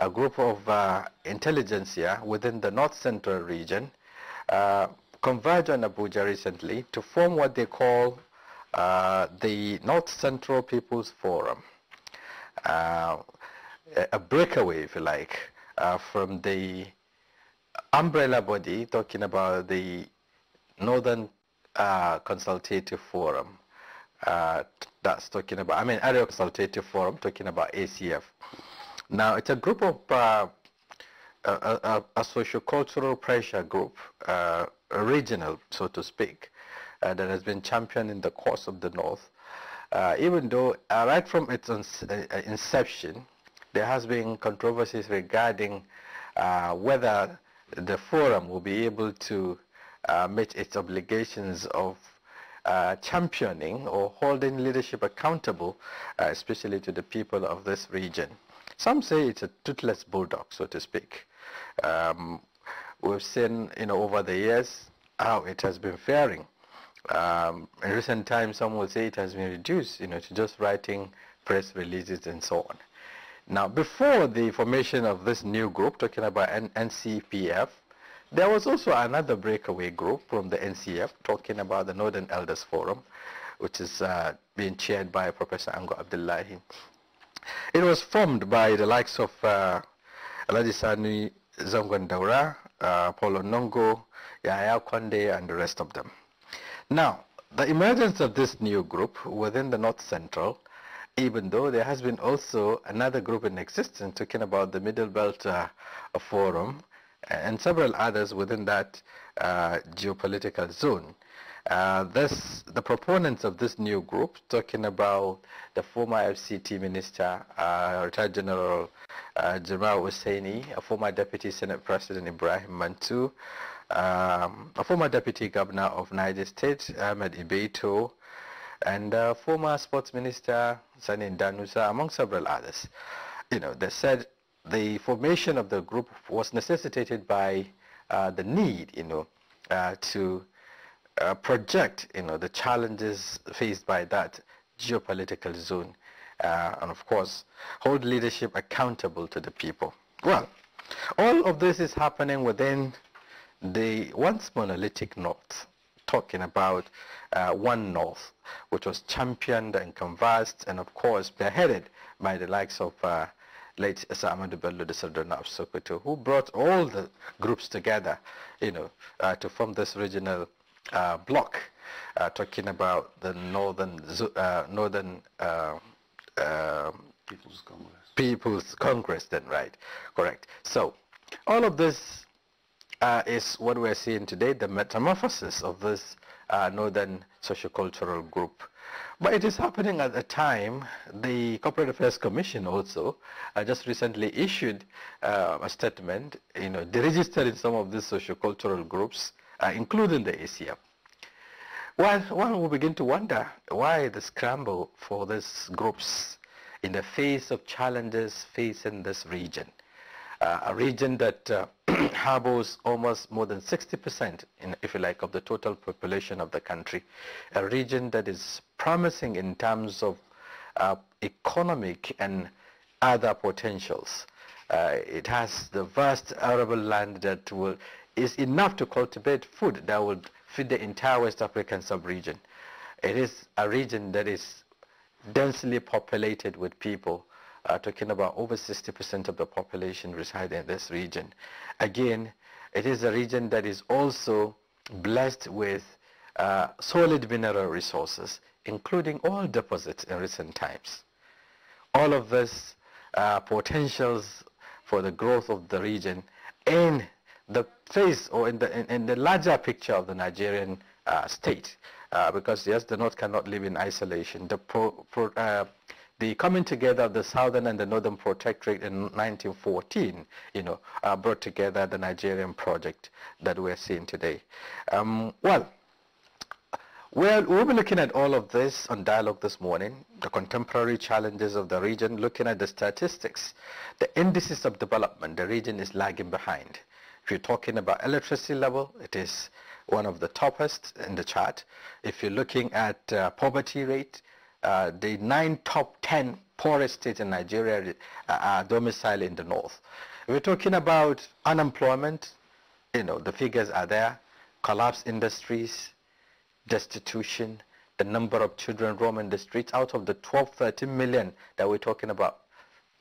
a group of uh, intelligentsia within the North Central region uh, converged on Abuja recently to form what they call uh, the North Central People's Forum, uh, a breakaway, if you like, uh, from the umbrella body talking about the Northern uh, Consultative Forum. that's talking about, I mean, Area Consultative Forum talking about ACF. Now, it's a group of uh, a, a, a pressure group, uh, regional, so to speak, uh, that has been championed in the course of the North. Uh, even though uh, right from its uh, inception, there has been controversies regarding whether the forum will be able to meet its obligations of uh, championing or holding leadership accountable, uh, especially to the people of this region. Some say it's a toothless bulldog, so to speak. Um, we've seen, you know, over the years how it has been faring. Um, in recent times, some will say it has been reduced, you know, to just writing press releases and so on. Now, before the formation of this new group, talking about N NCPF, there was also another breakaway group from the NCF talking about the Northern Elders Forum, which is uh, being chaired by Professor Ango Abdullahi it was formed by the likes of uh, Aladisani Zongondaura, uh, Paulo Nongo, Yaya Kwande, and the rest of them. Now, the emergence of this new group within the North Central, even though there has been also another group in existence talking about the Middle Belt uh, Forum and several others within that uh, geopolitical zone. Uh, this, the proponents of this new group talking about the former FCT minister, uh, retired General uh, Jamal Husseini, a former Deputy Senate President Ibrahim Mantu, um, a former Deputy Governor of Niger State, Ahmed Ibeto, and uh, former Sports Minister Sanin Danusa, among several others. You know, they said the formation of the group was necessitated by uh, the need, you know, uh, to uh, project, you know, the challenges faced by that geopolitical zone, uh, and of course, hold leadership accountable to the people. Well, all of this is happening within the once monolithic North, talking about uh, One North, which was championed and conversed and, of course, spearheaded by the likes of uh, late Ahmadu Bello de Sardana of Sokoto, who brought all the groups together, you know, uh, to form this regional uh, uh, talking about the Northern uh, Northern uh, um, People's Congress. People's Congress, then right, correct. So all of this uh, is what we're seeing today: the metamorphosis of this Northern sociocultural group. But it is happening at a time, the Corporate Affairs Commission also uh, just recently issued uh, a statement, you know, deregistering some of these sociocultural groups uh, including the ACF. Well, one will begin to wonder why the scramble for these groups in the face of challenges facing this region, uh, a region that uh, harbors almost more than 60%, if you like, of the total population of the country, a region that is promising in terms of uh, economic and other potentials. Uh, it has the vast arable land that will is enough to cultivate food that would feed the entire West African sub-region. It is a region that is densely populated with people, uh, talking about over 60% of the population reside in this region. Again, it is a region that is also blessed with uh, solid mineral resources, including oil deposits in recent times. All of this uh, potentials for the growth of the region and the face or in the, in, in the larger picture of the Nigerian uh, state. Uh, because yes, the North cannot live in isolation. The, pro, pro, uh, the coming together of the Southern and the Northern Protectorate in 1914, you know, uh, brought together the Nigerian project that we're seeing today. Um, well, well, we'll be looking at all of this on Dialogue this morning, the contemporary challenges of the region, looking at the statistics, the indices of development the region is lagging behind, if you're talking about electricity level, it is one of the toppest in the chart. If you're looking at uh, poverty rate, uh, the nine top 10 poorest states in Nigeria uh, are domiciled in the north. If we're talking about unemployment, you know, the figures are there, collapsed industries, destitution, the number of children roaming the streets out of the 12, 13 million that we're talking about,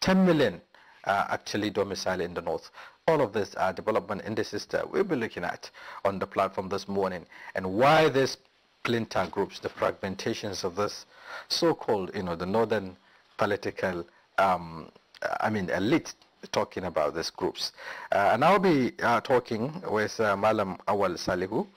10 million uh, actually domicile in the north. All of these are uh, development indices that we'll be looking at on the platform this morning and why these splinter groups, the fragmentations of this so-called, you know, the northern political, um, uh, I mean, elite talking about these groups. Uh, and I'll be uh, talking with uh, Malam Awal Salihu,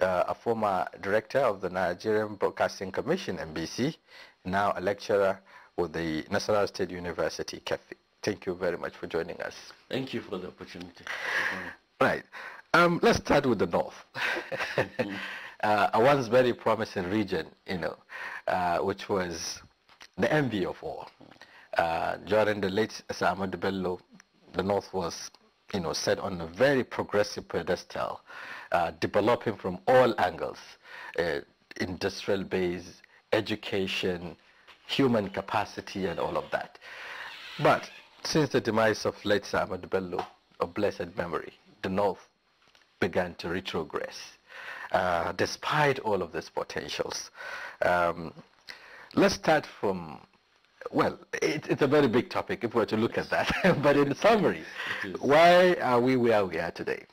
uh, a former director of the Nigerian Broadcasting Commission, NBC, now a lecturer with the Nasarawa State University, KEFI. Thank you very much for joining us. Thank you for the opportunity. right. Um, let's start with the north. uh, a once very promising region, you know, uh, which was the envy of all. Uh, during the late Ahmad Bello, the north was, you know, set on a very progressive pedestal, uh, developing from all angles, uh, industrial base, education, human capacity, and all of that. But since the demise of late Ahmed Bello, of blessed memory, the North began to retrogress, uh, despite all of these potentials. Um, let's start from, well, it, it's a very big topic if we were to look at that, but in summary, why are we where we are today?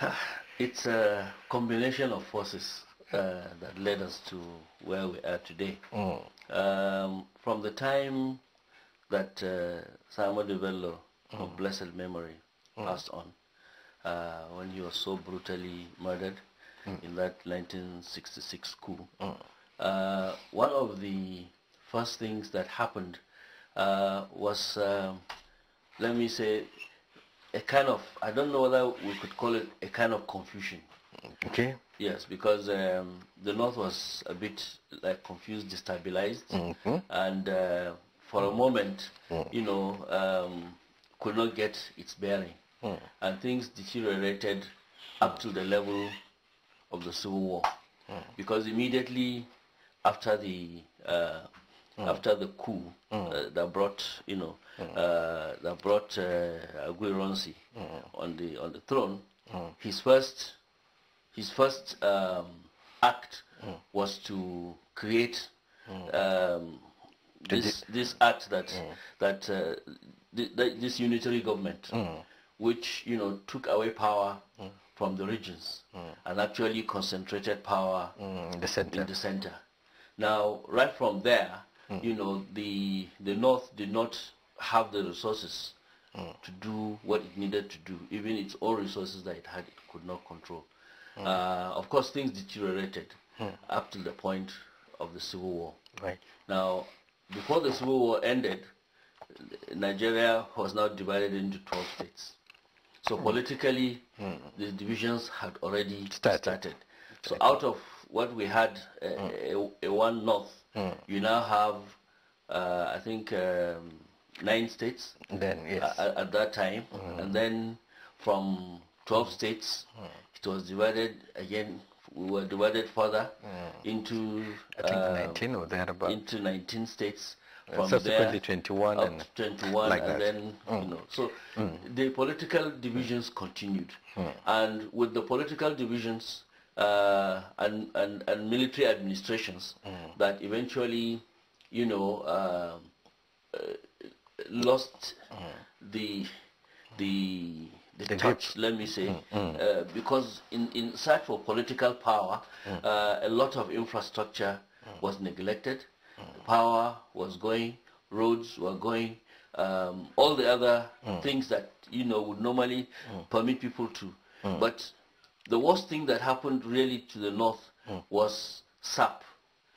It's a combination of forces uh, that led us to where we are today. Mm. Um, from the time that uh, Samuel Bello mm. of blessed memory mm. passed on uh, when he was so brutally murdered mm. in that 1966 coup. Mm. Uh, one of the first things that happened uh, was, um, let me say, a kind of, I don't know whether we could call it a kind of confusion. Okay. Yes, because um, the North was a bit like confused, destabilized, -hmm. and uh, for a moment, mm. you know, um, could not get its bearing. Mm. And things deteriorated up to the level of the Civil War. Hmm. Because immediately after the uh, hmm. after the coup hmm. uh, that brought you know uh, that brought uh, on the on the throne, his first his first um, act was to create um, this this act that mm. that, uh, th th this unitary government, mm. which you know took away power mm. from the regions mm. and actually concentrated power mm, in the center. In the center. Now, right from there, mm. you know the the north did not have the resources to do what it needed to do. Even its own resources that it had, it could not control. Uh, of course, things deteriorated up to the point of the civil war. Right now, before the Civil War ended, Nigeria was now divided into 12 states. So hmm. politically, mm. the divisions had already started. started. So out of what we had, uh, mm. a, a, one north, mm. you now have, uh, I think, um, nine states then, yes. at, at that time. Hmm. And then from 12 states, hmm. it was divided again we were divided further mm. into I think uh, 19 or thereabouts. into 19 states from subsequently there 21 and 21 like and that. then mm. you hmm. know so mm. the political divisions hmm. continued hmm. and with the political divisions uh, and, and and military administrations that eventually you know um, uh, lost the the the, the grip. let me say, mm, mm uh, because in, in search for political power, mm uh, a lot of infrastructure mm was neglected, mm. power was going, roads were going, um, all the other mm. things that, you know, would normally permit people to. But the worst thing that happened really to the north was SAP.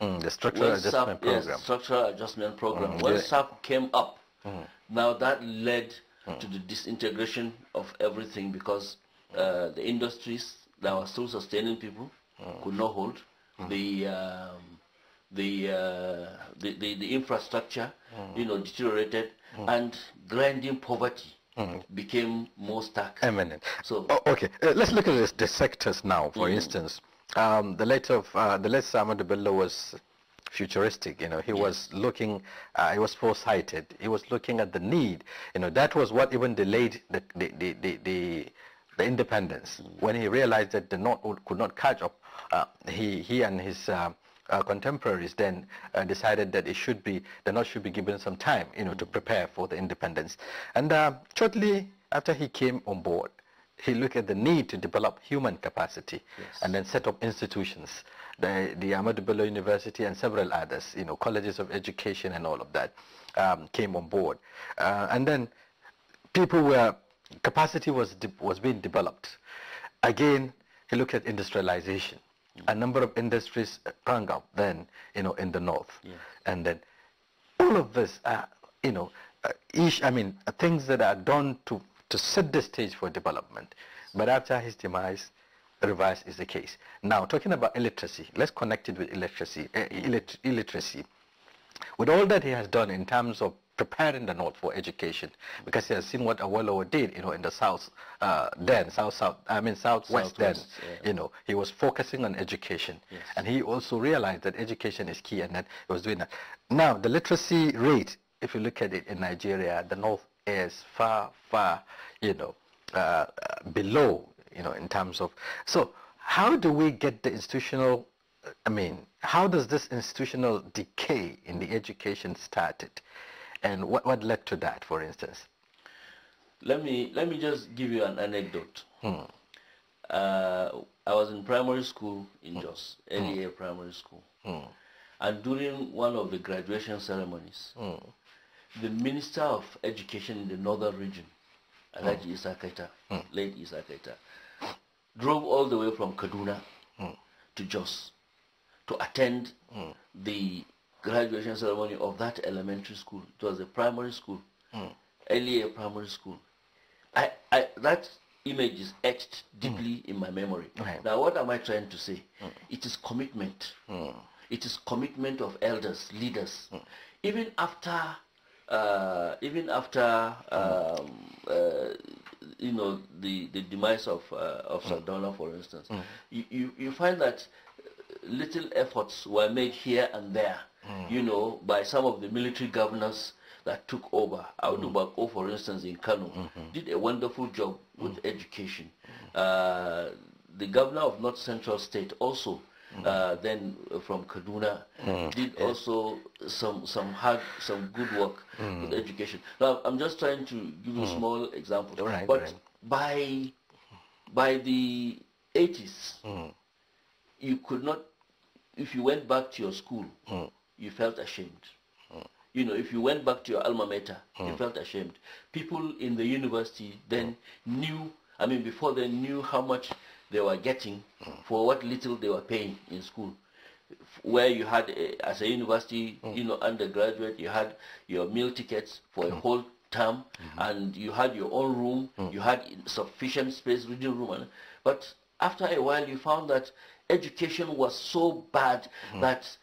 the structural adjustment SAP, program. Yes, structural adjustment program. When yeah. SAP came up, now that led to the disintegration of everything because uh, the industries that were still sustaining people mm. could not hold. The, um, the, uh, the, the, the, infrastructure, you know, deteriorated and grinding poverty. Mm. became more stark. Eminent. So oh, okay, uh, let's look at this, the sectors now. For mm. instance, um, the late of uh, the late Samuel Bello was futuristic you know he was looking uh, he was foresighted he was looking at the need you know that was what even delayed the the the, the, the, the independence mm. when he realized that the north could not catch up uh, he he and his uh, uh contemporaries then uh, decided that it should be the north should be given some time you know mm. to prepare for the independence and uh, shortly after he came on board he looked at the need to develop human capacity yes. and then set up institutions the, the Ahmed Bello University and several others, you know, colleges of education and all of that um, came on board. Uh, and then people were, capacity was, was being developed. Again, he looked at industrialization. Mm. A number of industries sprang up then, you know, in the north. Yeah. And then all of this, uh, you know, uh, ish, I mean, uh, things that are done to, to set the stage for development. But after his demise, reverse is the case. Now, talking about illiteracy, let's connect it with illiteracy. Eh, illiteracy. With all that he has done in terms of preparing the North for education, because he has seen what Awolowo did, you know, in the South uh, then, South South, I mean Southwest, west then, yeah. you know, he was focusing on education, yes. and he also realized that education is key, and that he was doing that. Now, the literacy rate, if you look at it in Nigeria, the North is far, far, you know, uh, below you know, in terms of, so how do we get the institutional, I mean, how does this institutional decay in the education started? And what, what led to that, for instance? Let me, let me just give you an anecdote. Hmm. Uh, I was in primary school in hmm. Jos, Jos, LEA hmm. primary school. Hmm. And during one of the graduation ceremonies, mm. the Minister of Education in the Northern region, Alaji mm. Isakaita, late Isakaita, drove all the way from Kaduna mm. to Jos to attend mm. the graduation ceremony of that elementary school. It was a primary school, mm. earlier primary school. I, I, that image is etched deeply hmm. in my memory. Now, what am I trying to say? Hmm. It is commitment. Hmm. It is commitment of elders, leaders. Even after uh, even after um, uh, you know the the demise of uh, of mm. for instance, mm. you, you, you find that little efforts were made here and there, mm. you know, by some of the military governors that took over. Abdul Bako, mm. for instance, in Kano, -hmm. did a wonderful job with mm. education. Mm. Uh, the governor of North Central State also uh, then uh, from Kaduna hmm. did also some some hard some good work hmm. with education. Now I'm just trying to give you hmm. small examples. but by by the 80s, you could not if you went back to your school, mm. you felt ashamed. Mm. You know, if you went back to your alma mater, mm. you felt ashamed. People in the university then knew, I mean, before they knew how much they were getting mm. for what little they were paying in school where you had a, eh, as a university mm. you know undergraduate you had your meal tickets for mm. a whole term -hmm. and you had your own room you had sufficient space reading room and, but after a while you found that education was so bad that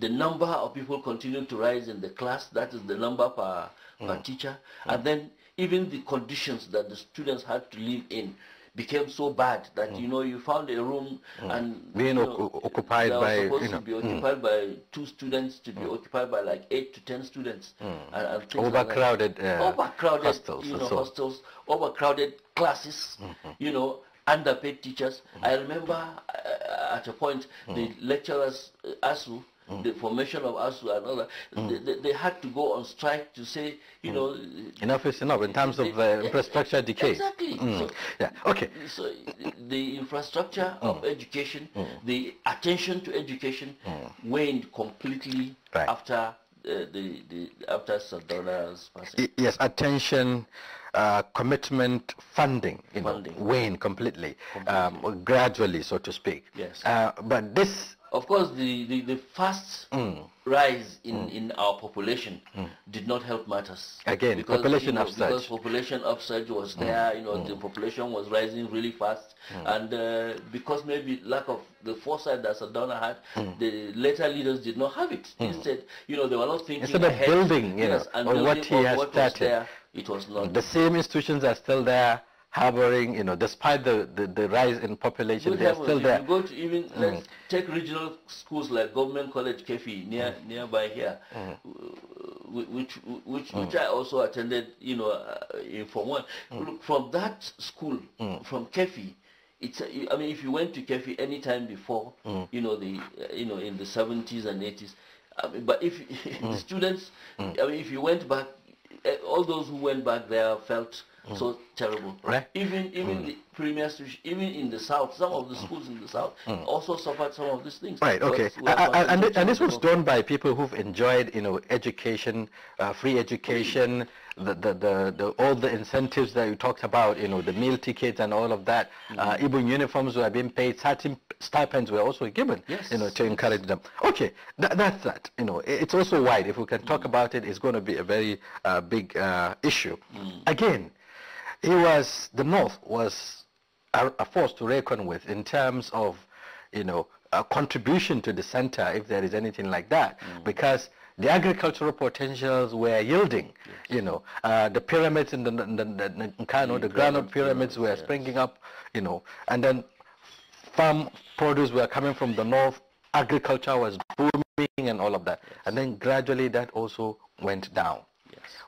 the number of people continued to rise in the class that is the number per, per teacher and then even the conditions that the students had to live in became so bad that mm. you know you found a room mm. and being you know, occupied by supposed you know, to be mm. occupied mm. by two students to be mm. occupied by like eight to ten students mm. and, and overcrowded like uh, overcrowded hostels, you know, so. hostels overcrowded classes -hmm. you know underpaid teachers mm-hmm. I remember uh, at a point the lecturers uh, ASU mm. the formation of ASU and all that. Mm. They, they, had to go on strike to say, you mm. know... Enough is enough in terms of the uh, infrastructure decay. Exactly. Mm. So, yeah. Okay. So the infrastructure mm. of education, mm. the attention to education waned completely right. after uh, the, the after Sardauna's passing? Yes, attention, uh, commitment, funding, funding. Know, wane completely, completely. Um, gradually, so to speak. Yes. Uh, but this of course, the, the, the fast mm. rise in, mm. in our population mm. did not help matters. Again, because, population you know, upsurge. Because population upsurge was mm. there, you know, mm. the population was rising really fast. Mm. And uh, because maybe lack of the foresight that Sadona had, the later leaders did not have it. Instead, you know, they were not thinking Instead ahead, building, you yes, and on what he has what started. There, it was not. The same institutions are still there harboring, you know, despite the, the, the rise in population, they are still there. go to even, mm. let's take regional schools like Government College Kefi near, mm. nearby here, mm. Uh, which, which, which mm. I also attended, you know, uh, in Form 1. Mm. Look, from that school, mm. from Kefi, it's, uh, I mean, if you went to Kefi any time before, you know, the, uh, you know, in the 70s and 80s, I mean, but if the students, I mean, if you went back, eh, all those who went back there felt so mm. terrible. Right. Even even mm. the premier even in the south, some of the mm. schools in the south mm. also suffered some of these things. Right. Okay. I, I, and, and this was done by people who've enjoyed you know education, uh, free education, the, the, the the all the incentives that you talked about, you know the meal tickets and all of that. Mm-hmm. Uh, even uniforms were being paid. Certain stipends were also given. Yes. You know to encourage them. Okay. that that's that. You know it's also wide. If we can talk mm. about it, it's going to be a very uh, big uh, issue. Again he was, the North was a, a force to reckon with in terms of, you know, a contribution to the center if there is anything like that mm. because the agricultural potentials were yielding yes. you know uh, the pyramids in the, the, the, the, Kano, the granite pyramids were yes. springing up you know and then farm produce were coming from the north agriculture was booming and all of that yes. and then gradually that also went down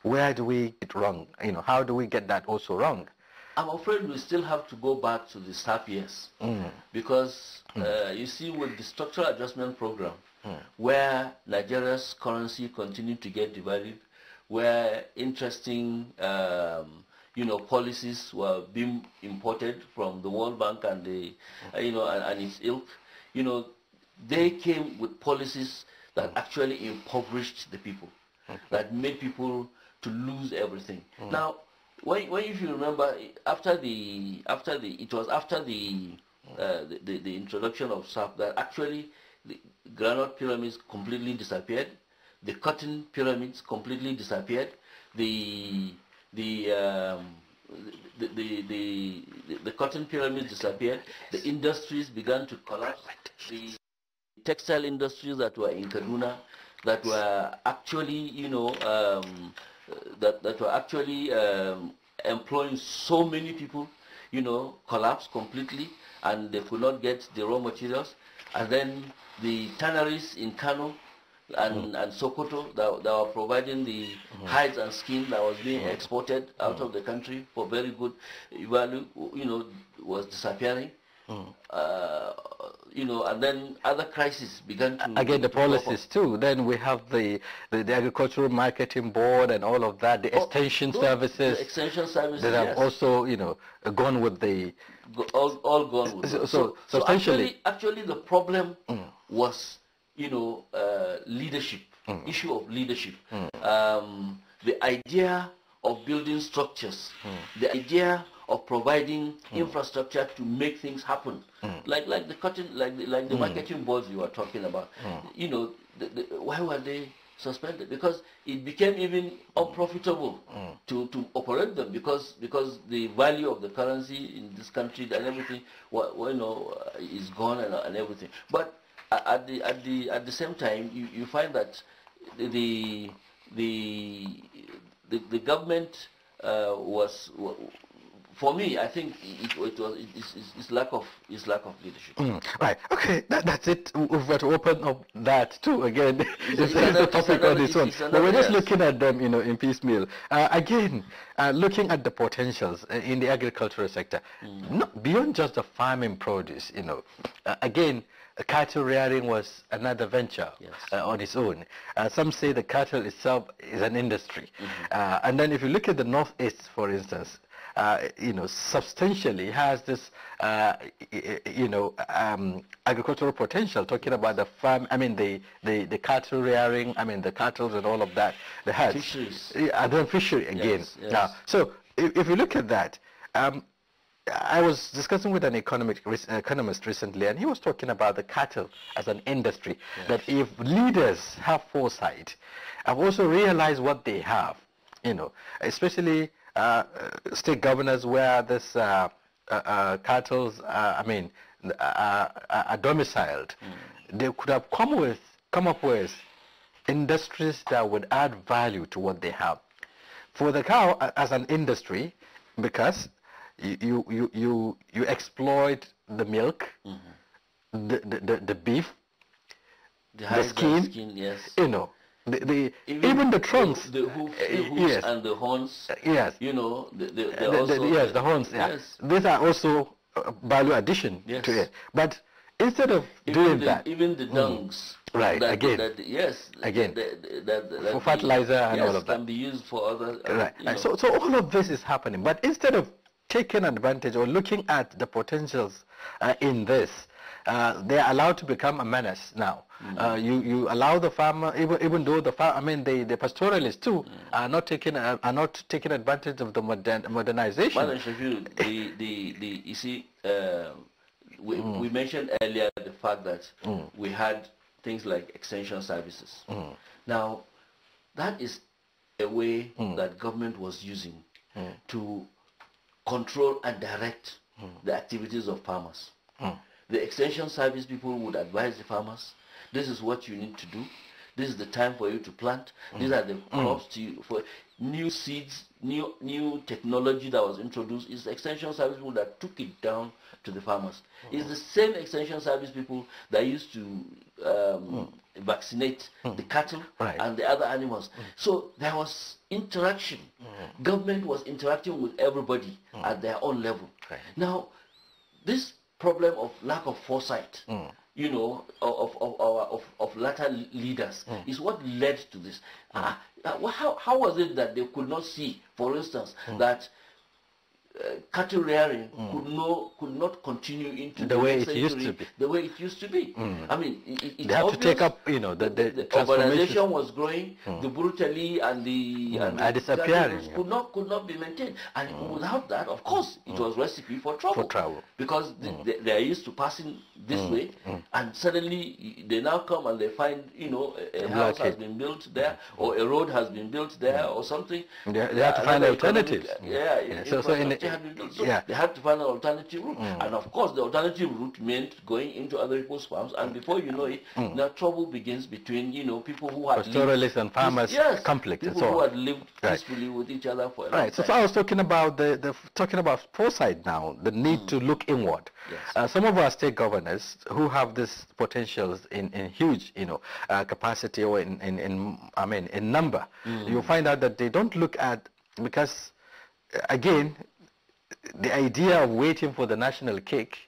where do we get wrong? You know, how do we get that also wrong? I'm afraid we still have to go back to the staff years mm. because mm. uh, you see with the structural adjustment program mm. where Nigeria's currency continued to get devalued, where interesting um, you know policies were being imported from the World Bank and the mm. uh, you know and, and, its ilk, you know they came with policies that actually impoverished the people, okay. that made people to lose everything. Mm. Now, when, when if you remember, after the after the it was after the mm. uh, the, the, the, introduction of SAP that actually the granite pyramids completely disappeared, the cotton pyramids completely disappeared, the the um, the, the, the, the, cotton pyramids disappeared, the industries began to collapse, the textile industries that were in Kaduna, that were actually, you know, um, that, that were actually um, employing so many people, you know, collapsed completely and they could not get the raw materials. And then the tanneries in Kano and, mm. and Sokoto that, that, were providing the mm. hides and skin that was being mm. exported out mm. of the country for very good value, you know, was disappearing. Uh, you know, and then other crises began to... Again, the to policies too. Then we have the, the, the, Agricultural Marketing Board and all of that, the oh, extension good. services... The extension services, That yes. have also, you know, gone with the... Go, all, all gone with So, so, so Actually, actually, the problem mm. was, you know, uh, leadership, mm. issue of leadership. Mm. Um, the idea of building structures, mm. the idea of providing mm. infrastructure to make things happen. Mm. Like like the cotton, like the, like the hmm. marketing boards you were talking about. Hmm. You know, the, the, why were they suspended? Because it became even unprofitable hmm. to, to operate them because because the value of the currency in this country and everything, well, well you know, uh, is gone and, and everything. But at the at the at the same time, you, you find that the the the, the government uh, was for me, I think it, it was it's, it's, lack of it's lack of leadership. Mm. Right. Okay. That, that's it. We've got to open up that too again. it's, it's, it's the topic of this one. But we're just yes. looking at them, you know, in piecemeal. Uh, again, uh, looking at the potentials uh, in the agricultural sector, mm. not beyond just the farming produce. You know, uh, again. Cattle rearing was another venture yes. Uh, on its own. Uh, some say the cattle itself is an industry. Mm -hmm. and then if you look at the northeast, for instance, uh, you know, substantially has this, uh, you know, um, agricultural potential, talking about the farm, I mean, the, the, the cattle rearing, I mean, the cattle and all of that, the herds. Fisheries. And then fishery again. Yes, yes. Now, so if, if, you look at that, um, I was discussing with an economic economist recently, and he was talking about the cattle as an industry. Yes. That if leaders have foresight, have also realized what they have, you know, especially uh, uh, state governors where this cattle's, uh, I mean, are domiciled, mm. they could have come with, come up with industries that would add value to what they have. For the cow as an industry, because you you you you exploit the milk, mm -hmm. the, the, the beef, the, the skin, skin yes. you know, the, the even, even, the trunks, the, uh, the, the yes. and the horns. Uh, yes, you know, uh, the, the, also, yes, the horns. Yeah. Yes, these are also value addition yes. to it. But instead of even doing that, even the dungs, mm, right? That, again, that, yes, again, that, for fertilizer and yes, all of that can be used for other. Uh, right. know. So, so all of this is happening. But instead of taking advantage or looking at the potentials uh, in this, uh, they are allowed to become a menace now. Mm uh, you you allow the farmer even even though the I mean the, the pastoralists too mm are not taking uh, are not taking advantage of the modern modernization. But Shafiru, the, the the you see uh, we mm. we mentioned earlier the fact that mm. we had things like extension services. Mm. Now that is a way mm. that government was using to control and direct the activities of farmers. The extension service people would advise the farmers this is what you need to do. This is the time for you to plant. Mm. These are the mm. crops to you for new seeds, new new technology that was introduced. It's extension service people that took it down to the farmers. Mm. It's the same extension service people that used to um, vaccinate mm. the cattle right. and the other animals. Mm. So there was interaction. Mm. Government was interacting with everybody at their own level. Right. Now, this problem of lack of foresight you know, of, of, of, of latter leaders mm. is what led to this. Mm. Uh, how, how was it that they could not see, for instance, hmm. that uh, cattle rearing mm. could, no, could not continue into the, the way century, it used to be. The way it used to be. Mm. I mean, it, they have to take up, you know, the, the, the urbanization was growing, mm. the brutally and the mm, and the disappearing could not could not be maintained. And mm. without that, of course, it mm. was recipe for trouble. For trouble, because they, they, are used to passing this way, and suddenly they now come and they find, you know, a, a house has been built there, or a road has been built there, or something. They, they have to uh, find alternatives. Uh, yeah, yeah. So, so in, had to do. So yeah. they had to find an alternative route. Mm. And of course, the alternative route meant going into other people's farms. And before you know it, mm. now trouble begins between, you know, people who had pastoralists and farmers yes, conflict and so who had lived right. peacefully with each other for a right. So, so, I was talking about the, the talking about foresight now, the need mm. to look inward. Yes. Uh, some of our state governors who have this potentials in, in huge, you know, uh, capacity or in, in, in, I mean, in number, mm. you find out that they don't look at because again the idea of waiting for the national cake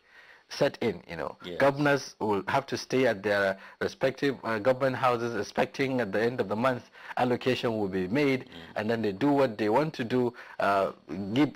set in, you know. Yes. Governors will have to stay at their respective uh, government houses expecting at the end of the month allocation will be made mm. and then they do what they want to do, uh, give,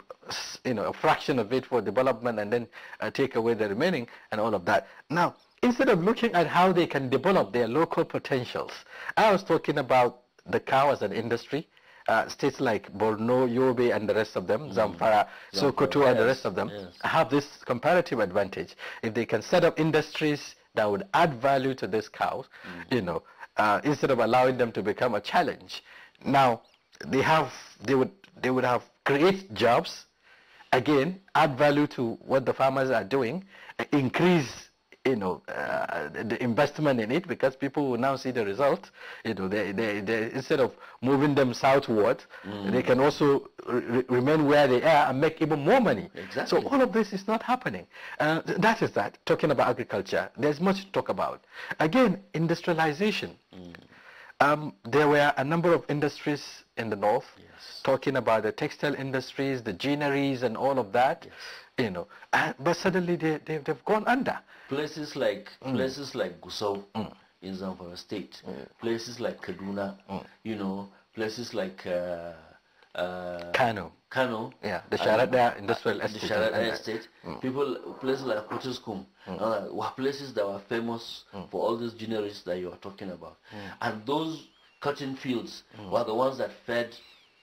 you know, a fraction of it for development and then uh, take away the remaining and all of that. Now, instead of looking at how they can develop their local potentials, I was talking about the cow as an industry, uh, states like Borno, Yobe, and the rest of them, mm. Zamfara, Sokoto, yes. and the rest of them, yes. have this comparative advantage. If they can set up industries that would add value to these cows, mm. you know, uh, instead of allowing them to become a challenge. Now, they have, they would, they would have create jobs, again, add value to what the farmers are doing, increase you know, uh, the investment in it because people will now see the result. You know, they, they, they instead of moving them southward, mm. they can also re remain where they are and make even more money. Exactly. So all of this is not happening. Uh, that is that. Talking about agriculture, there's much to talk about. Again, industrialization. Mm. Um, there were a number of industries in the north yes. talking about the textile industries, the gineries and all of that. Yes you know, uh, but suddenly they, they, they've gone under. Places like, mm. places like Gusau mm. in Zamfara state, mm. places like Kaduna, mm. you know, places like uh, uh, Kano. Kano. Yeah, the Sharada Industrial Estate. The Sharada Estate. Mm. People, places like Kutuzkum, mm. uh, were places that were famous for all these generics that you are talking about. And those cotton fields were the ones that fed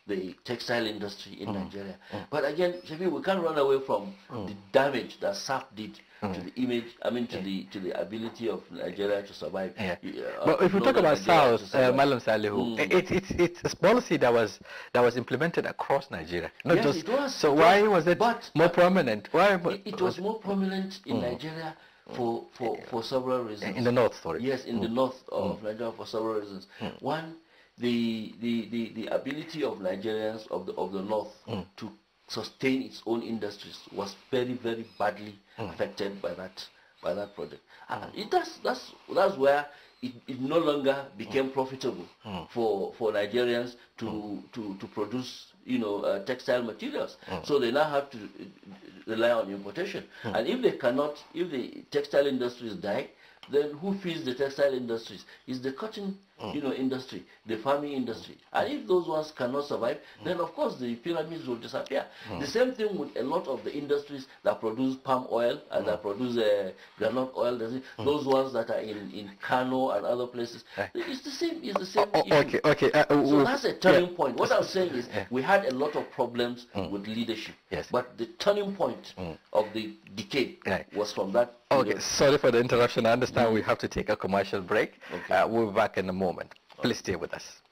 the textile industry in mm. Nigeria. Mm. But again, Shafi, we can't run away from mm. the damage that SAP did to mm. the image, I mean, to yeah. the to the ability of Nigeria to survive. Yeah. Uh, but if we talk about Nigeria South, Malam Salihu, mm. it's a policy that was that was implemented across Nigeria, not yes, just. It was, so why was it but, more prominent? Why? It, it was, was more prominent in mm. Nigeria for for for several reasons. In the north, sorry. Yes, in the north of Nigeria for several reasons. One the the the, the ability of Nigerians of the of the north mm. to sustain its own industries was very very badly mm. affected by that by that project. And mm. it, that's that's that's where it, it no longer became mm. profitable mm. for for Nigerians to to to produce you know uh, textile materials. So they now have to uh, rely on importation. And if they cannot, if the textile industries die, then who feeds the textile industries? Is the cotton you know, industry, the farming industry. And if those ones cannot survive, then of course the pyramids will disappear. Hmm. The same thing with a lot of the industries that produce palm oil and that hmm. produce uh, granite oil. Hmm. Those ones that are in in Kano and other places. Eh. It's the same. It's the same. Oh, oh okay, okay. Uh, uh so that's a turning yeah. point. What I'm saying is yeah. we had a lot of problems with leadership. Yes. But the turning point of the decay right. was from that Okay, sorry for the interruption. I understand we have to take a commercial break. Okay. Uh, we'll be back in a moment. Please stay with us.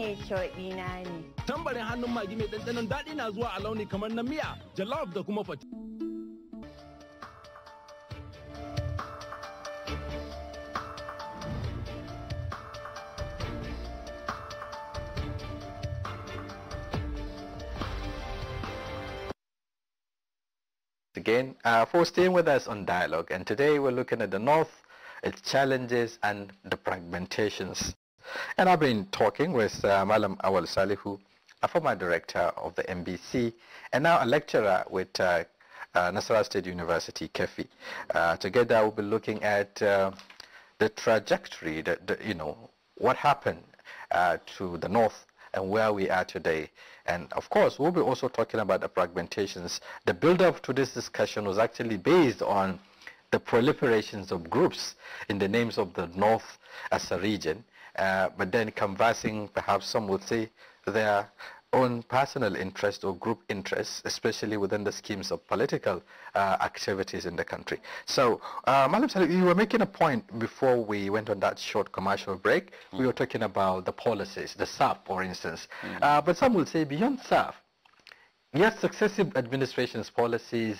ne. Tambarin hannun magi mai ɗanɗanon daɗi na zuwa a launi kamar na miya, jalof da kuma fati. Again, uh, for staying with us on dialogue, and today we're looking at the North, its challenges, and the fragmentations. And I've been talking with uh, Malam Awal Salihu, a former director of the MBC and now a lecturer with uh, uh, Nasarawa State University, KEFI. Uh, together we'll be looking at uh, the trajectory, that, that, you know, what happened uh, to the North and where we are today. And of course, we'll be also talking about the fragmentations. The build-up to this discussion was actually based on the proliferations of groups in the names of the North as a region uh, but then conversing, perhaps some would say their own personal interest or group interests, especially within the schemes of political uh, activities in the country. So, uh, Malam Salih, you were making a point before we went on that short commercial break. Mm. We were talking about the policies, the SAP, for instance. Mm. Uh, but some will say beyond SAP, yes, successive administrations' policies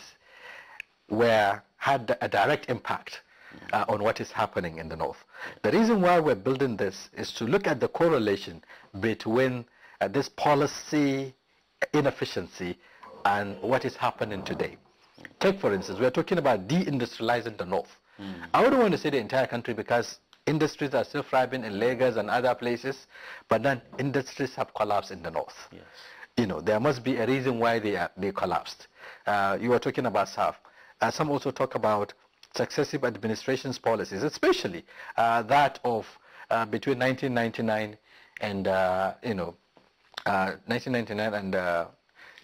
were had a direct impact mm. uh, on what is happening in the north. The reason why we're building this is to look at the correlation between uh, this policy inefficiency and what is happening today. Take, for instance, we're talking about deindustrializing the North. Mm. I wouldn't want to say the entire country because industries are still thriving in Lagos and other places, but then industries have collapsed in the North. Yes. You know, there must be a reason why they, are, they collapsed. Uh, you were talking about South. Uh, some also talk about successive administrations' policies, especially uh, that of uh, between 1999 and uh, you know 1999 uh, and uh,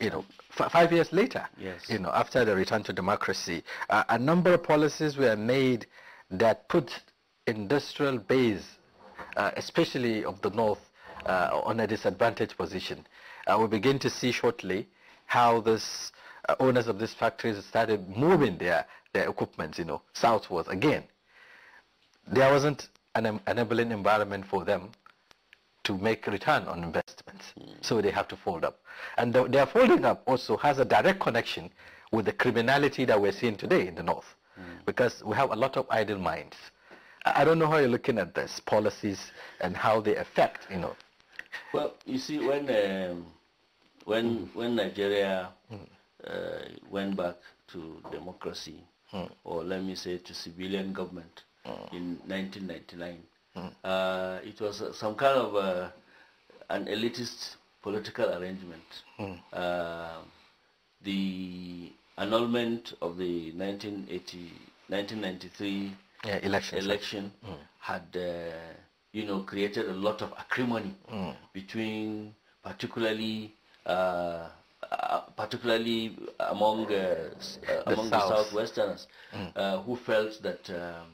you know five years later. Yes. You know after the return to democracy, uh, a number of policies were made that put industrial base, especially of the north, on a disadvantaged position. we begin to see shortly how this uh, owners of these factories started moving their, their equipment, you know, southwards again. There wasn't an enabling environment for them to make return on investments. Mm. So they have to fold up. And their folding up also has a direct connection with the criminality that we're seeing today in the north. Mm. Because we have a lot of idle minds. I don't know how you're looking at this, policies and how they affect, you know. Well, you see, when um, when mm. when Nigeria mm. Uh, went back to democracy, hmm. or let me say to civilian government hmm. in 1999. Hmm. Uh, it was uh, some kind of an elitist political arrangement. the annulment of the 1980, 1993 yeah, election had, uh, you know, created a lot of acrimony mm. between particularly uh, uh, particularly among uh, the among South. the Southwesterners, mm. Uh, who felt that um,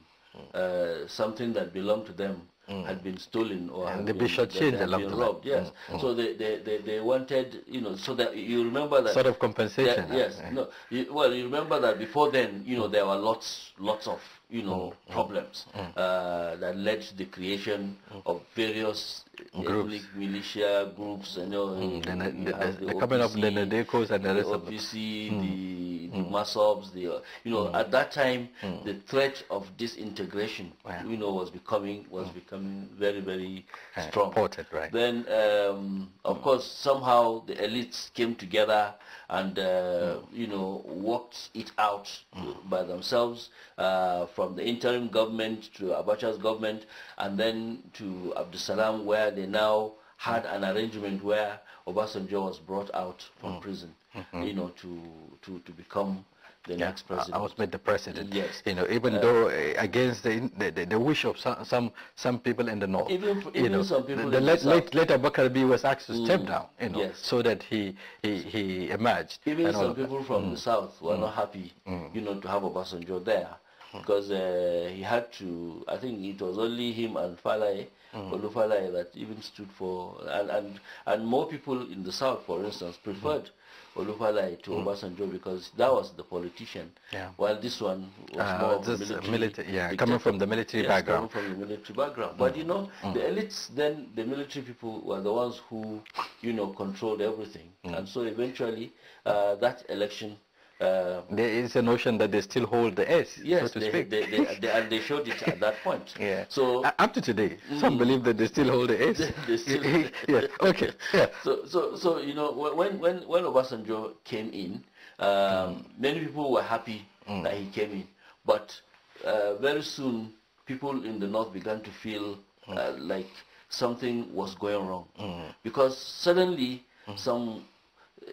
mm. uh, something that belonged to them Mm. had been stolen or and the bishop changed a been robbed. Yes, mm. Mm. so they, they, they, they, wanted you know so that you remember that sort of compensation. That, yes, no, you, well you remember that before then you know there were lots lots of you know, mm. Mm. problems mm. uh, that led to the creation of various groups. militia groups and all. Mm. Then, the, the, uh, the, the coming of then the DECOs and the rest the OPC, of the, the MASOBs, the, you know, at that time, the threat of disintegration, you know, was becoming, was becoming very, very uh, strong. Important, right. Then, um, of course, somehow the elites came together and uh, mm. you know worked it out uh, mm. by themselves uh, from the interim government to Abacha's government and then to Abdusalam where they now had mm. an arrangement where Obasanjo was brought out from prison mm-hmm. you know to to, to become the yeah, next president. I was made the president. Yes. You know, even uh, though uh, against the, the, the wish of some some, some people in the north. Even, even you know, some people. The, the late, later Bakarabi was asked to mm. step down. You know, yes. so that he he, he emerged. Even some people from mm. the south were mm. not happy, mm. you know, to have Obasanjo there mm. because uh, he had to. I think it was only him and Falai, mm. Olufalai, that even stood for, and, and and more people in the south, for instance, preferred. Mm. Olufala to mm. Obasanjo because that was the politician, yeah. while this one was uh, more uh, military. military yeah, coming from the military yes, background. coming from the military background. Mm. But hmm. you know, mm. the elites then, the military people were the ones who, you know, controlled everything. Hmm. And so eventually, uh, that election um, there is a notion that they still hold the S, yes, so to they, speak. They, they, they, and they showed it at that point. Yeah. So up to today, some mm. believe that they still hold the S. they still yeah. Okay. Yeah. So, so, so you know, when when when Obasanjo came in, um, mm. many people were happy mm. that he came in, but uh, very soon people in the north began to feel mm. uh, like something was going wrong mm. because suddenly some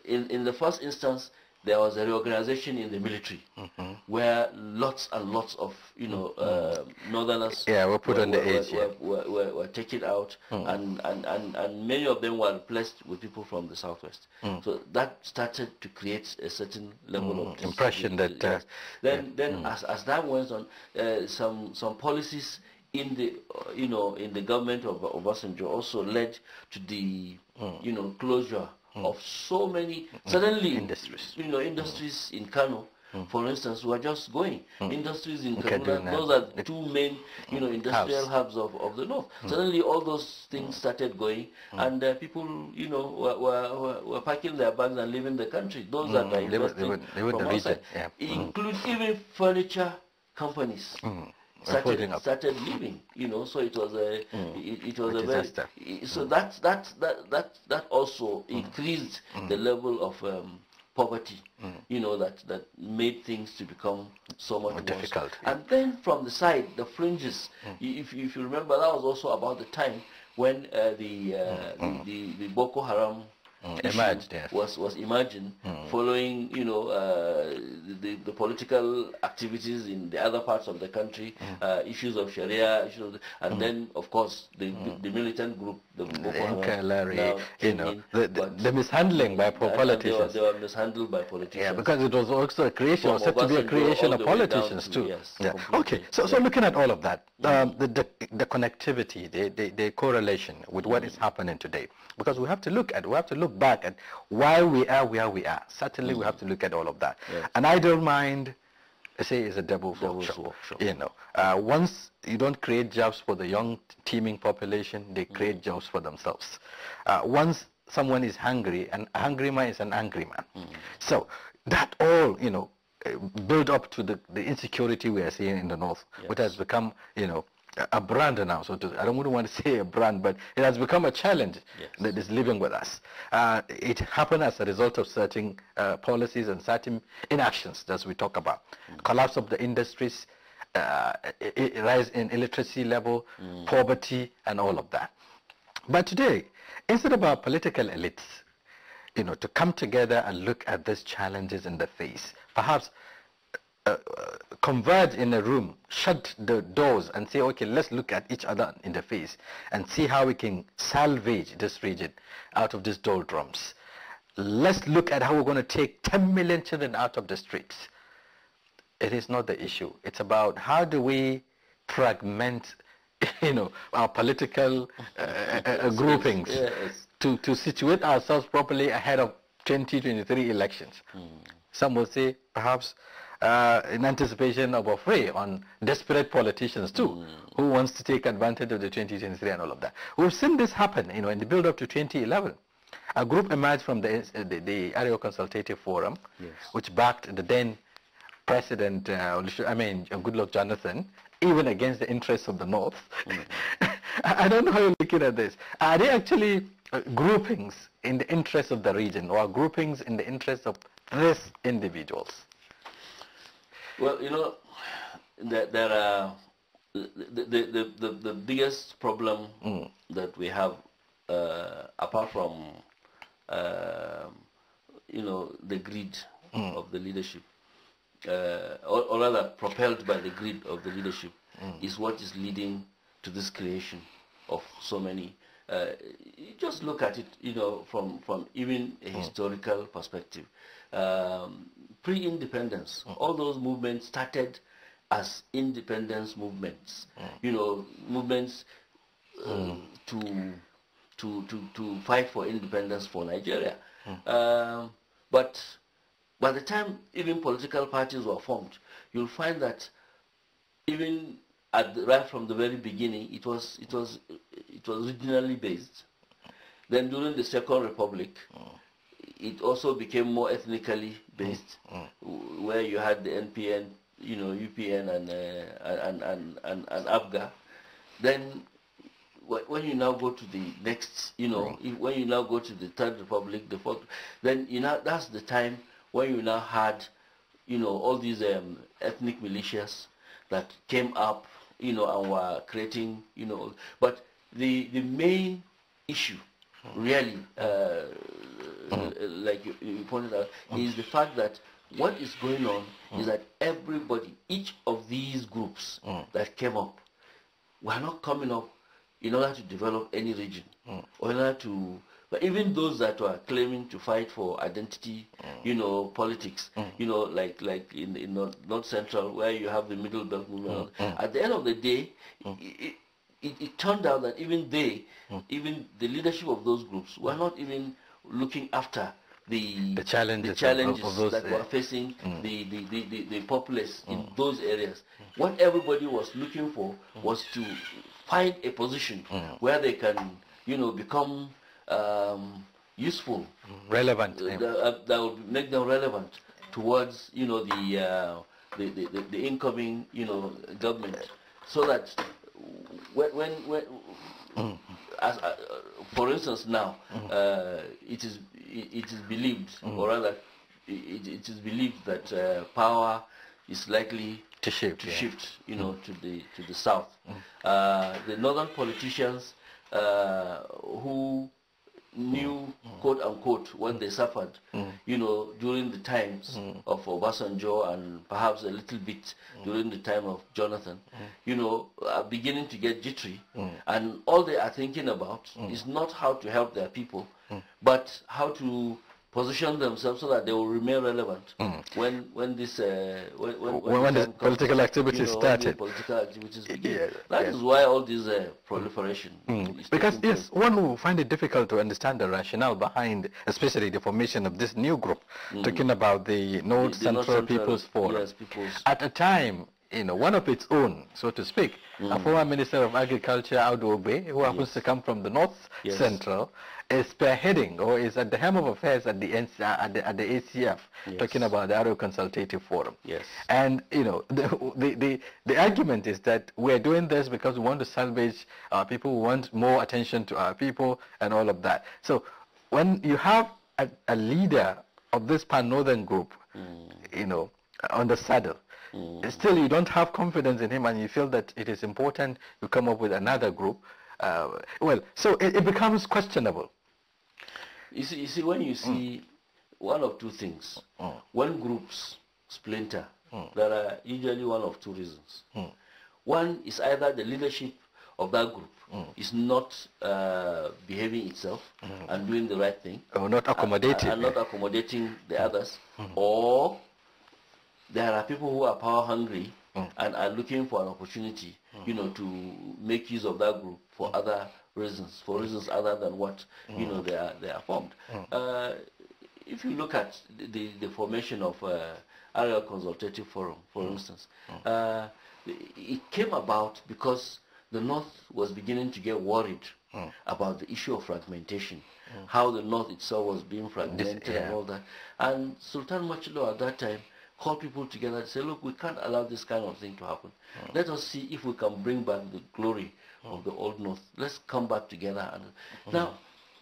in in the first instance there was a reorganization in the military mm -hmm. where lots and lots of you know uh, northerners yeah were put were, on the were, edge were, yeah. were, were, taken out mm. and, and, and, and many of them were replaced with people from the southwest mm. so that started to create a certain level of mm. impression that uh, then yeah. then mm. as, as that went on uh, some some policies in the you know in the government of Obasanjo also led to the mm. you know closure Hmm. of so many hmm. suddenly industries. You know, hmm. industries in Kano. For instance, were just going. Industries in Kano, those are two main, you know, industrial hubs, hubs of, of the north. Suddenly, all those things started going, and uh, people, you know, were, were, were, packing their bags and leaving the country. Those that are investing they were, from the outside, yeah. include even furniture companies started, started living, you know, so it was a, mm. it, it, was a, a very, so mm. that, that, that, that, that also mm. increased mm. the level of um, poverty, mm. you know, that, that made things to become so much More difficult. Yeah. And then from the side, the fringes, mm. if, if you remember, that was also about the time when uh, the, uh, the, the, the Boko Haram mm. emerged yes. was was emerging mm. following you know uh, the the political activities in the other parts of the country mm. uh, issues of sharia issues of the, and mm. then of course mm. the, the militant group the Boko you know in, the, the, the, mishandling by politicians they were, they were, mishandled by politicians yeah because it was also a creation was said to be a creation of politicians to, too yes, yeah. okay so so yeah. looking at all of that um, the, the, the connectivity the, the the correlation with what is happening today because we have to look at we have to look look back at why we are where we are, certainly mm -hmm. we have to look at all of that. And I don't mind, I say it's a double devil's You know, uh, once you don't create jobs for the young teeming population, they create mm -hmm. jobs for themselves. Uh, once someone is hungry, and hungry man is an angry man. Mm -hmm. So that all, you know, uh, build up to the, the insecurity we are seeing in the north, yes. which has become, you know, a brand now, so to, I don't really want to say a brand, but it has become a challenge yes. that is living with us. Uh, it happened as a result of certain uh, policies and certain inactions that we talk about. Mm. Collapse of the industries, uh, rise in illiteracy level, mm. poverty, and all of that. But today, instead of our political elites, you know, to come together and look at these challenges in the face, perhaps converge in a room, shut the doors and say, okay, let's look at each other in the face and see how we can salvage this region out of these doldrums. Let's look at how we're going to take 10 million children out of the streets. It is not the issue. It's about how do we fragment, you know, our political uh, uh, uh, groupings yes. to, to situate ourselves properly ahead of 2023 elections. Mm. Some will say perhaps uh, in anticipation of a fray on desperate politicians too, mm. who wants to take advantage of the 2023 and all of that. We've seen this happen, you know, in the build-up to 2011. A group emerged from the, uh, the, the Consultative Forum, yes. which backed the then President, uh, I mean, uh, Goodluck Jonathan, even against the interests of the North. Mm. I don't know how you're looking at this. Are they actually uh, groupings in the interests of the region or groupings in the interests of these individuals? Well, you know, there, are the, the, the, the, biggest problem mm. that we have, uh, apart from, uh, you know, the greed mm. of the leadership, uh, or, or, rather propelled by the greed of the leadership, mm. is what is leading to this creation of so many. Uh, just look at it, you know, from, from even a mm. historical perspective um, pre-independence. Mm. All those movements started as independence movements. Mm. You know, movements um, mm. to to to to fight for independence for Nigeria. Mm. Um, but by the time even political parties were formed, you'll find that even the, right from the very beginning, it was it was it was originally based. Then during the Second Republic. Mm it also became more ethnically based, mm. Mm. where you had the NPN, you know, UPN and uh, and, and, and and ABGA. Then when you now go to the next, you know, mm. if, when you now go to the Third Republic, the fourth, then you know that's the time when you now had, you know, all these um, ethnic militias that came up, you know, and were creating, you know, but the the main issue really, uh, mm-hmm. like you, you, pointed out, is the fact that what is going on is mm-hmm. that everybody, each of these groups mm-hmm. that came up, were not coming up in order to develop any region, or in order to but even those that were claiming to fight for identity, you know, politics, you know, like like in, in North, North Central where you have the Middle Belt movement, at the end of the day, it, it, it turned out that even they, mm. even the leadership of those groups, were not even looking after the, the challenges, the challenges of, of those, that were uh, facing mm. the, the, the, the, the populace mm. in hmm. those areas. What everybody was looking for hmm. was to find a position hmm. where they can, you know, become um, useful, relevant, uh, that, uh, that would make them relevant towards, you know, the, uh, the, the, the incoming, you know, government, so that when, when, when mm. as, uh, for instance, now mm. uh, it is it, it is believed, mm. or rather, it, it is believed that uh, power is likely to shift, to yeah. shift, you mm. know, to the to the south. Mm. Uh, the northern politicians uh, who knew, mm. quote unquote, when they suffered, mm. you know, during the times mm. of Obasanjo and perhaps a little bit during the time of Jonathan, you know, are beginning to get jittery. And all they are thinking about is not how to help their people, but how to position themselves so that they will remain relevant mm. when when this uh, when, when, when, when the political activity you know, started political activities begin. Yeah, that yeah. is why all this uh, proliferation mm. because yes one will find it difficult to understand the rationale behind especially the formation of this new group mm. talking about the North, Central, Central, People's Forum yes, people's at a time you know, one of its own, so to speak. Mm. A former Minister of Agriculture, Audu Obe, who happens yes. to come from the North yes. Central, is spearheading or is at the helm of affairs at the, NC, uh, at the, at the ACF, yes. talking about the Agro Consultative Forum. Yes. And, you know, the, the, the, the, argument is that we're doing this because we want to salvage our uh, people, we want more attention to our people and all of that. So when you have a, a leader of this pan-northern group, mm. you know, on the saddle. Mm. Still, you don't have confidence in him, and you feel that it is important you come up with another group. Uh, well, so it, it, becomes questionable. You see, you see when you see mm. one of two things, mm. when mm. groups splinter, mm. there are usually one of two reasons. Mm. One is either the leadership of that group mm. is not uh, behaving itself mm. and doing the right thing. Or not uh, accommodating. And, uh, and not accommodating the others. Mm. Or there are people who are power hungry mm. and are looking for an opportunity, mm. you know, to make use of that group for mm. other reasons, for mm. reasons other than what you know mm. they are they are formed. Uh, if you look at the the formation of uh, Area Consultative Forum, for instance, uh, it came about because the North was beginning to get worried Mm. about the issue of fragmentation, mm. how the north itself was being fragmented yeah. and all that. And Sultan Machilo at that time call people together and say, look, we can't allow this kind of thing to happen. Mm. Let us see if we can bring back the glory mm. of hmm. the old north. Let's come back together. And mm. now,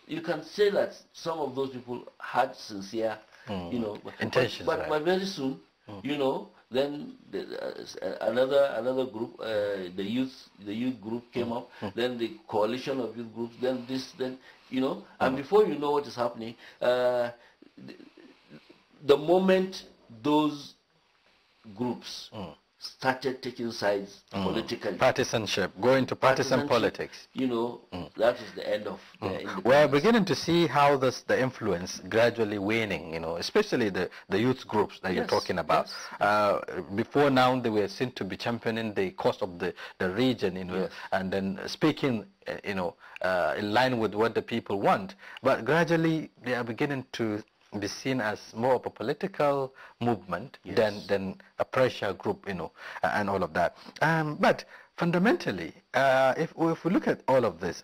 you can say that some of those people had sincere, hmm. you know, but, intentions. But, right. but very soon, hmm. you know, then the, uh, another another group, uh, the youth the youth group came up. Then the coalition of youth groups. Then this. Then you know, and before you know what is happening. Uh, the, the moment those groups mm. started taking sides mm. politically. Partisanship, going to partisan politics. You know, mm. that is the end of hmm. the We're beginning to see how this, the influence gradually waning, you know, especially the, the youth groups that yes, you're talking about. Yes. Uh, before now, they were seen to be championing the cause of the, the region, you know, yes. and then speaking uh, you know, uh, in line with what the people want. But gradually, they are beginning to be seen as more of a political movement yes. than, than a pressure group, you know, and all of that. Um, but fundamentally, uh, if, if we look at all of this,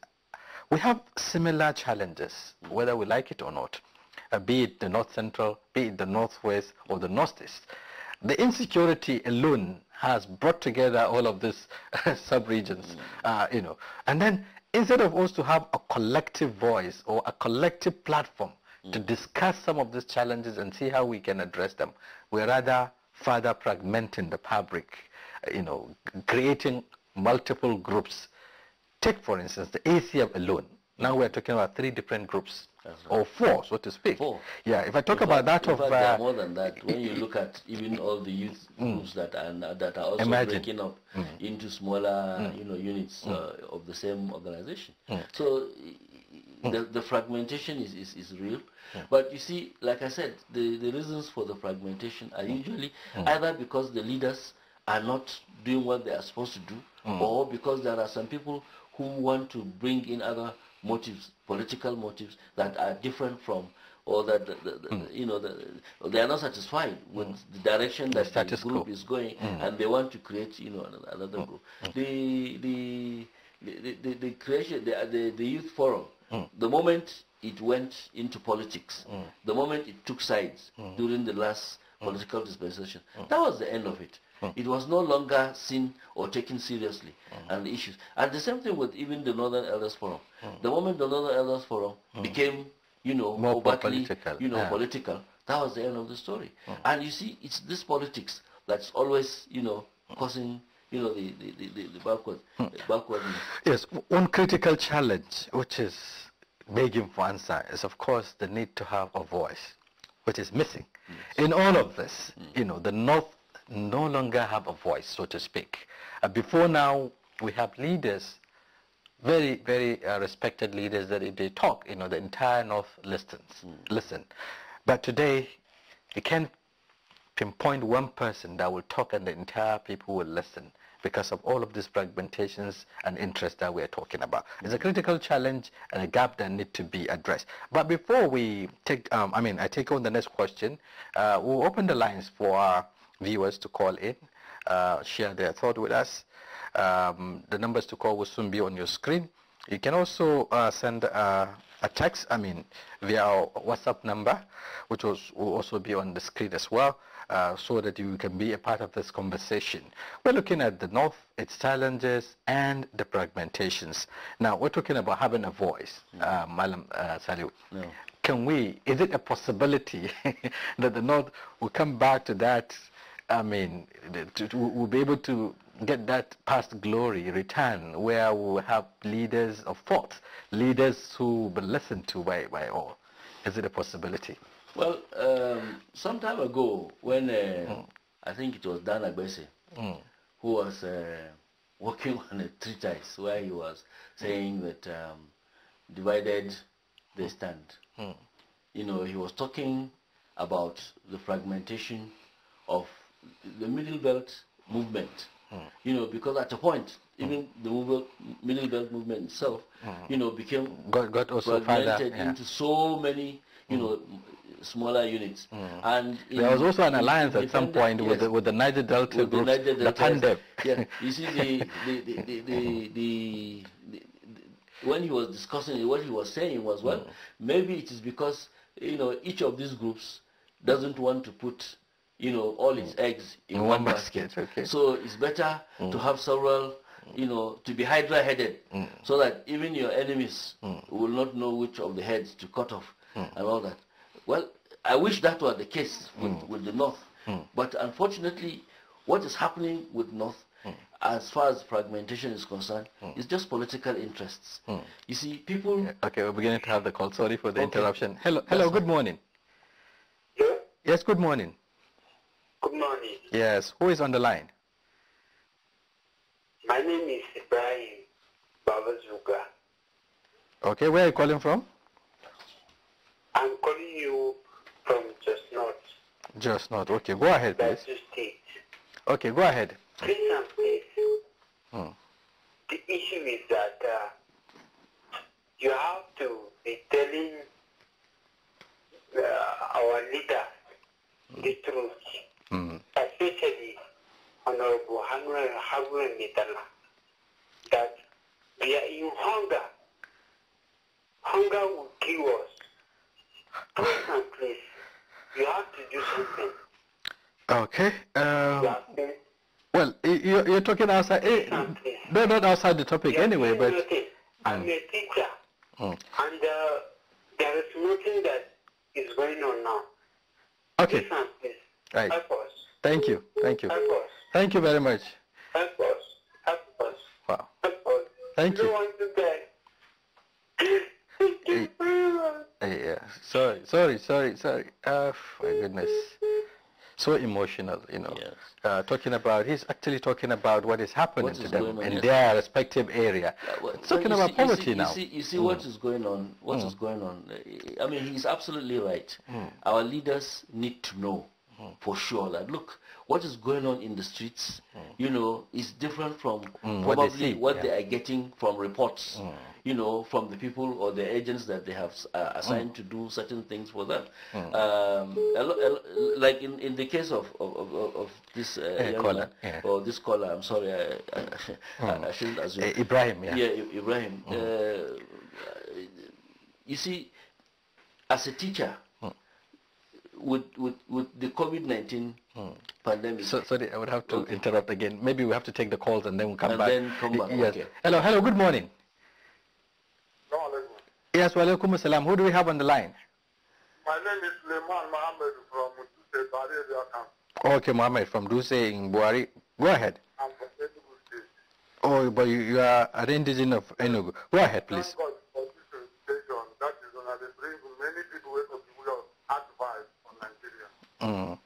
we have similar challenges, whether we like it or not, uh, be it the North Central, be it the Northwest or the Northeast. The insecurity alone has brought together all of these sub-regions, mm. uh, you know. And then instead of us to have a collective voice or a collective platform to discuss some of these challenges and see how we can address them. We're rather further fragmenting the fabric, you know, creating multiple groups. Take, for instance, the ACF alone. Now we're talking about three different groups, right. or four, so to speak. Four. Yeah, if I talk in about fact, that of... Fact, uh, more than that. When you look at even all the youth mm, groups that are, that are also imagine. breaking up mm. into smaller, mm. you know, units mm. uh, of the same organization. Mm. So Hmm. The, the fragmentation is, is, is real. Hmm. But you see, like I said, the, the reasons for the fragmentation are hmm. usually either because the leaders are not doing what they are supposed to do or because there are some people who want to bring in other motives, political motives that are different from or that the, the, mm. you know the, they are not satisfied with mm. the direction that the, the group is going, mm. and they want to create you know another, another group. The, the the, the, creation the, the youth forum Mm. The moment it went into politics, mm. the moment it took sides mm. during the last mm. political dispensation, mm. that was the end of it. It was no longer seen or taken seriously and the issues. And the same thing with even the Northern Elders Forum. The moment the Northern Elders Forum became, you know, more overtly, political. you know, yeah. political, that was the end of the story. And you see, it's this politics that's always, you know, causing you know, the, the, the, the backwards, backwardness. Hmm. Yes, one critical challenge which is begging for answer is, of course, the need to have a voice, which is missing. Yes. In all of this, mm. you know, the North no longer have a voice, so to speak. Uh, before now, we have leaders, very, very uh, respected leaders that if they talk, you know, the entire North listens, mm. listen. But today, you can't pinpoint one person that will talk and the entire people will listen because of all of these fragmentations and interests that we're talking about. It's a critical challenge and a gap that need to be addressed. But before we take, um, I mean, I take on the next question, uh, we'll open the lines for our viewers to call in, uh, share their thought with us. Um, the numbers to call will soon be on your screen. You can also uh, send uh, a text, I mean, via our WhatsApp number, which was, will also be on the screen as well. Uh, so that you can be a part of this conversation. We're looking at the North, its challenges, and the fragmentations. Now, we're talking about having a voice, uh, Malam uh, Yeah. Can we, is it a possibility that the North will come back to that, I mean, we'll be able to get that past glory return where we'll have leaders of thought, leaders who will be listened to by, by all? Is it a possibility? Well, um, some time ago, when uh, mm. I think it was Dan Agbese, mm. who was uh, working on a treatise where he was saying mm. that um, divided they stand. Hmm. You know, he was talking about the fragmentation of the Middle Belt movement. Hmm. You know, because at a point, hmm. even the Middle Belt movement itself, you know, became got, got also fragmented yeah. into so many, you know, smaller units. Mm. And there was also an alliance at some point yes. with the, with the Niger Delta with groups, the, Niger Delta, the Yeah, you see the the the, the, the, the, the when he was discussing it, what he was saying was, well, mm. maybe it is because you know each of these groups doesn't want to put you know all its mm. eggs in, in one, basket. basket. Okay. So it's better mm. to have several, hmm. you know, to be hydra-headed, hmm. so that even your enemies hmm. will not know which of the heads to cut off and all that. Well, I wish that were the case hmm. with, mm. with the North. Mm. But unfortunately, what is happening with North, mm. as far as fragmentation is concerned, hmm. is just political interests. Hmm. You see, people... Okay, we're beginning to have the call. Sorry for the okay. interruption. Hello, hello good morning. Yeah? Yes, good morning. Good morning. Yes, who is on the line? My name is Ibrahim Babazuga. Okay, where are you calling from? I'm calling you from Just Not. Just Not. Okay, go ahead, please. State. Okay, go ahead. Please and please. Hmm. The issue is that uh, you have to be telling uh, our leader the hmm. truth, mm. especially Honorable Haruna Nidala, that we are in hunger. Hunger will kill us please. You have to do something. Okay. Um, well, you you're talking outside. Listen, eh, no, not outside the topic anyway, but. I'm mm. a teacher. Oh. And uh, there is nothing that is going on now. Okay. Listen, please. Right. Help us. Thank you. Thank you. Help us. Thank you very much. Help us. Help us. Wow. Help us. Thank you. you. yeah. Sorry, sorry, sorry, sorry. Oh, my goodness. So emotional, you know. Yes. Uh, talking about, he's actually talking about what is happening what to is them in their respective area. well, talking about politics poverty you see, now. You see, you see mm. what is going on. What mm. is going on? I mean, he's absolutely right. Mm. Our leaders need to know mm. for sure that, look, what is going on in the streets, mm. you know, is different from mm, probably what, they, see, what yeah. they, are getting from reports, mm. you know, from the people or the agents that they have uh, assigned to do certain things for them. Um, like in, in the case of, of, of, of this uh, caller, yeah. or this caller, I'm sorry, I, I, I shouldn't assume. Eh, Ibrahim, yeah. Yeah, Ibrahim. Uh, you see, as a teacher, with with with the COVID-19 hmm. pandemic. So, sorry, I would have to okay. interrupt again. Maybe we have to take the calls and then we'll come and back. And then come back. Yes. Okay. Hello, hello. Good morning. Yes, wa alaikum Who do we have on the line? My name is Leman Mohammed from Duse, Bari Okay, Mohammed from Duse in Buari. Go ahead. I'm from Enugu State. Oh, but you, you are an indigenous of Enugu. Go ahead, please. Thank God Mm.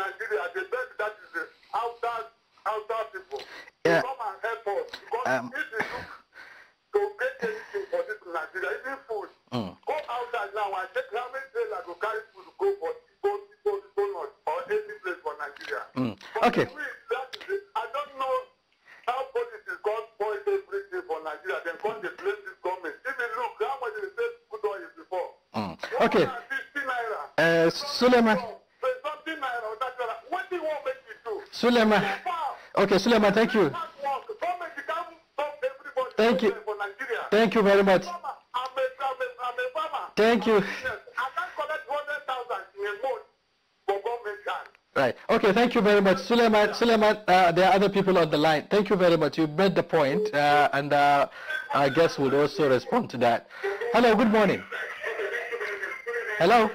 Nigeria, the best that is the outer, outer people. Yeah. Come and help us. Because um, if you to get anything for this Nigeria, even food, mm. go outside now and how many will carry food to go for go go to or any place for Nigeria. Mm. Okay. Mm. Okay. Uh, Suleiman. Suleiman. Okay, Suleiman, thank you. Thank you. Thank you very much. Thank you. Right. Okay, thank you very much. Suleiman, Suleiman uh, there are other people on the line. Thank you very much. You made the point, uh, and uh, I guess we'll also respond to that. Hello, good morning. Hello.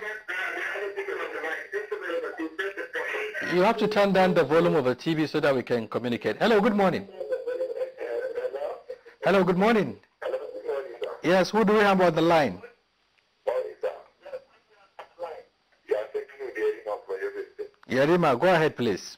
you have to turn down the volume of the TV so that we can communicate. Hello, good morning. Hello, good morning. Hello, good morning yes, who do we have on the line? Yarima, go ahead, please.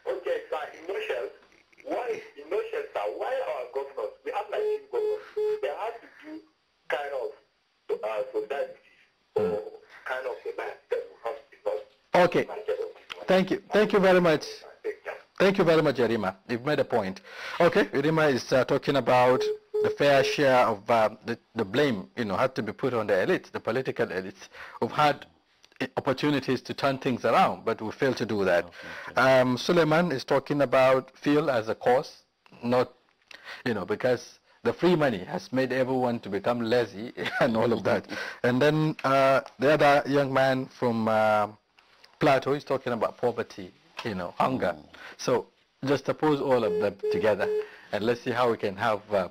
Okay. Thank you. Thank you very much. Thank you very much, Irima. You've made a point. Okay, Irima is uh, talking about the fair share of uh, the, the blame, you know, had to be put on the elites, the political elites, who've had eh, opportunities to turn things around, but we failed to do that. Okay, Um, Suleiman is talking about fuel as a cause, not, you know, because the free money has made everyone to become lazy and all of that. and then uh, the other young man from uh, Plato is talking about poverty, you know, hunger. Mm. So just suppose all of them together and let's see how we can have uh,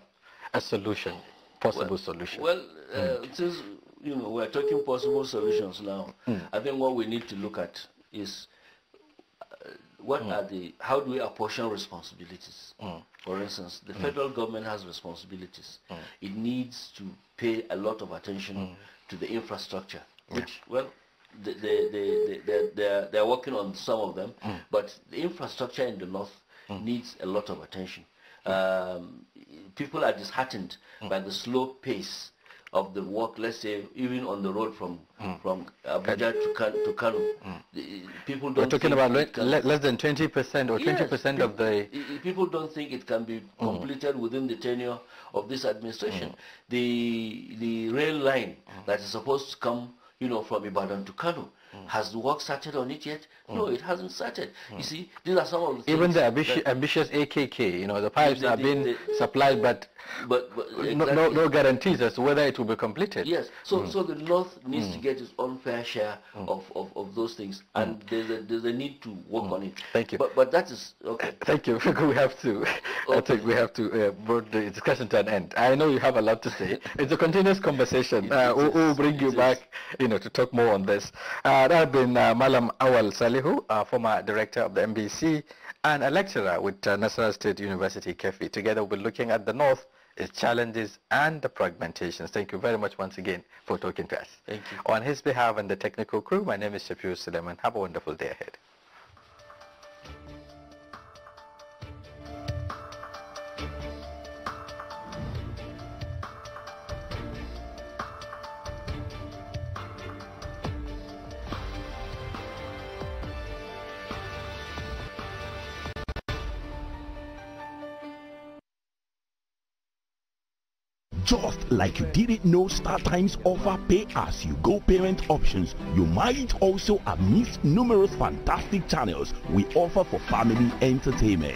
a solution, possible well, solution. Well, uh, mm. since you know we're talking possible solutions now, mm. I think what we need to look at is uh, what mm. are the how do we apportion responsibilities? Mm. For instance, the federal government has responsibilities. It needs to pay a lot of attention to the infrastructure, which yeah. well they, they, they, they're, they're, working on some of them, mm. but the infrastructure in the north mm. needs a lot of attention. Mm. Um, people are disheartened mm. by the slow pace of the work, let's say, even on the road from mm. from Abuja to, kan, to Kano. Mm. people don't. We're talking about le le less than 20 percent or 20 percent of the. People don't think it can be mm. completed mm. within the tenure of this administration. The the rail line that is supposed to come you know, from Ibadan to Kano. Mm. Has the work started on it yet? Mm. No, it hasn't started. Mm. You see, these are some of the Even the ambitious AKK, you know, the pipes are being supplied, but, but, but exactly. no, no, guarantees as to whether it will be completed. Yes, so, mm. so the North needs to mm. get its own fair share mm. of, of, of those things, and there's, a, there's a need to work on it. Thank you. But, but that is, okay. Thank you. we have to, okay. I think we have to uh, bring the discussion to an end. I know you have a lot to say. it's a continuous conversation. Uh, we'll, we'll, bring you back, you know, to talk more on this. Uh, uh, that had been uh, Malam Awal Salihu, uh, former director of the MBC and a lecturer with uh, State University, Kefi. Together we'll be looking at the North, its challenges and the fragmentations. Thank you very much once again for talking to us. Thank you. On his behalf and the technical crew, my name is Shapiro Suleiman. Have a wonderful day ahead. like you didn't know StarTimes offer pay-as-you-go payment options, you might also have missed numerous fantastic channels we offer for family entertainment.